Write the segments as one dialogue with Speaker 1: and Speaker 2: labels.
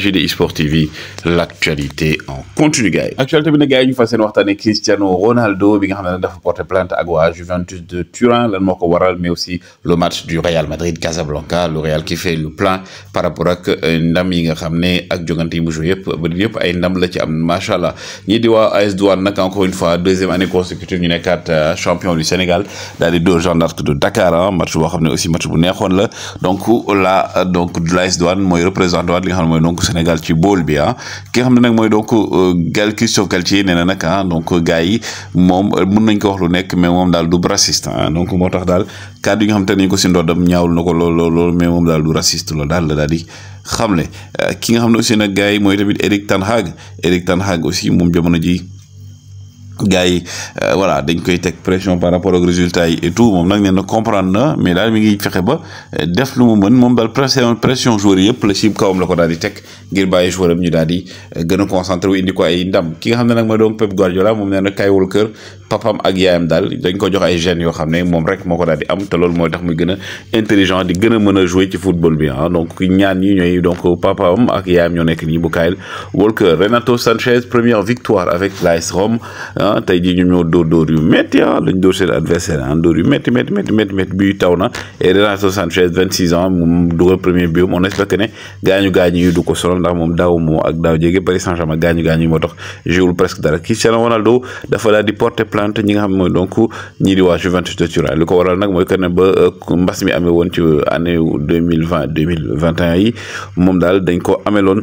Speaker 1: page de eSport TV l'actualité en continu gars actualité bi ne gars ñu fas Cristiano Ronaldo bi nga xam porter plainte à Juventus de Turin le moko waral mais aussi le match du Real Madrid Casablanca le Real qui fait le plein par rapport à euh, ndam yi nga a ak jogante yi mu joué yëpp ba yëpp ay ndam la ci AS Douanes encore une fois deuxième année consécutive ñu nekkaat euh, champion du Sénégal dans les deux Jeanne de Dakar un hein. match qui on a aussi match bu neexoon la donc là, euh, donc l'AS Douanes mooy représentant waat li nga donc Sénégal ci bool bi ah ki xam ne nag mooy donc euh, Gal Christophe Galtier nee na nag ah donc gars yi moom euh, mun nañ ko wax lu nekk mais moom daal du raciste ah donc moo tax daal kàddu yi nga xam te ne ko si ndoddam ñaawul na ko lool lool lool mais moom daal du raciste loolu daal la xam le euh, ki nga xam ne aussi nag gars yi mooy tamit Eric tan Hag Eric Ten Hag aussi moom jamono ji gars euh, voilà dañ koy tek pression par rapport aux résultats et tout mom nak nee na comprendre na mais dal mi ngi fexé ba euh, def lu mu mën mom daal pression pression joueur yépp le ci kawam lako ko daal di teg ngir baye joueur am ñu daal di euh, gën a concentré wu indi ko ay ndam ki nga xamné nak nag mooy donc Pep Guardiola mom nee na Kay Walker papam ak yaayam dal dañ ko jox ay jeunes yo xamné mom rek moko ko di am té lool moy tax muy gëna intelligent di gëna a jouer ci football bi hein donc ñaan ñi ñoy donc papam ak yaayam ñoo nek ni bu Kyle Walker Renato Sanchez première victoire avec l'AS Rome ah ah tey ñu ñoo dóor door yu metti ah lañ dóor seen adversaire ah dóor yu metti metti metti metti métti bii taw na et dans 76 26 ans moom dugal premier bi on espère ne gaañu gañu yi du ko solo ndax mom daaw moo ak daw jege Paris Saint-Germain gañu gañu mo tax joué presque dara Cristiano Ronaldo dafa la di porter plainte ñi nga xam mooy donc ñi di wa Juventus de Turin liko waral nak moy que ne ba euh, mbass mi amé won ci année 2020 2021 yi mom dal dañ ko ameloon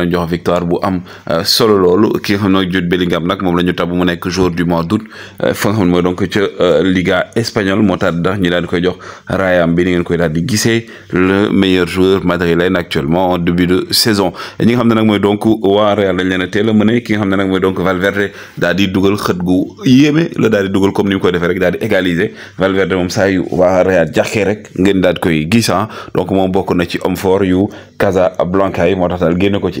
Speaker 1: leen jox victoire bu am euh, solo loolu ki nga xam ne mooy Jude Bellingham nag moom la ñu tabb mu nekk joueur du mois d'août euh, fa nga mooy donc euh, de saison ñi nga xam ne nag mooy donc waa Real lañ leen a teel a mëne ki nga xam ne nag mooy donc Valverde daal dugal xët gu yéeme la daal dugal comme ni koy defee rek daal égaliser Valverde moom saa yu waa Real jaxee rek ngeen daal koy gis ah. donc moom bokk na ci homme fort yu Casablanca yi moo tax daal génne ko ci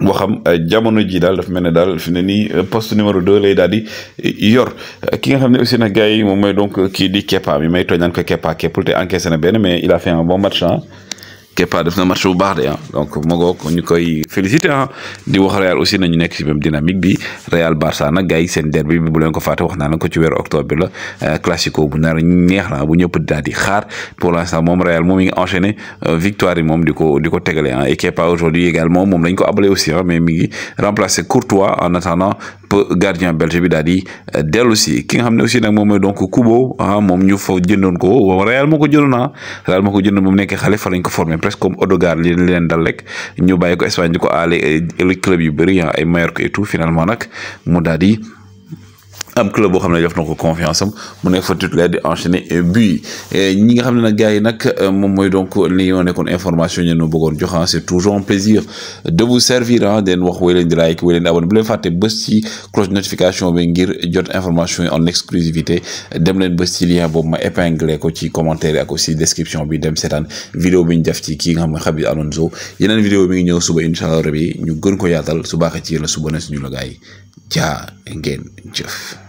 Speaker 1: waxam euh, jamono ji dal daf mel dal daal fi ne euh, poste numéro 2 lay daal di euh, yor ki nga xam aussi na gars yi moom donc ki di Kepa mi may tooñ naan ko Kepa keppul te encaissé na ben mais il a fait un bon match hein Kepa def na match bu baax de ah. donc moo ngoog ñu koy féliciter ah di wax Real aussi nañu nekk équipe même dynamique bi Real Barça nag gars yi seen derby bi bu leen ko fàtte wax naa na ko ci weeru octobre la euh, classico bu nar neex na bu ñëpp daal di xaar pour l'instant moom Real moom mi ngi enchaîné euh, victoire yi moom di ko di ko tegale ah et Kepa aujourd'hui également moom lañ ko abalé aussi ah. mais mi ngi remplacé Courtois en attendant gardien belge bi daal di euh, dellu si ki nga xam ne aussi nag moom mooy donc Kubo ah moom ñu fa jëndoon ko Real moo ko jëndoon ah Real moo ko jëndoon moom nekke xale fa lañ ko formé presque comme Odegaard li leen dal rek ñu bàyyi ko Espagne di ko aale club yu bëri ah, ay Mallorca et tout finalement nag mu daal di am club bo xam ne def na confiance am mu nekk fa titulaire di enchaîner but ñi nga xam ne nag gars yi nag euh, moom mooy donc li ñoo kon information ñu leen bëggoon jox hein, c'est toujours un plaisir de vous servir ah hein, den wax way leen di like way leen abonné bu leen faté bës ci cloche notification bi ngir jot information en exclusivité dem leen bës ci lien boobu ma épinglé ko ci commentaire ak aussi description bi dem sétane vidéo bi ñu def ci ki nga xam ne Xabi Alonso yeneen vidéo mi ngi ñëw suba inshallah allah rabi ñu gën ko yaatal su baaxee ci la suba na suñu la gars ja ngeen jëf.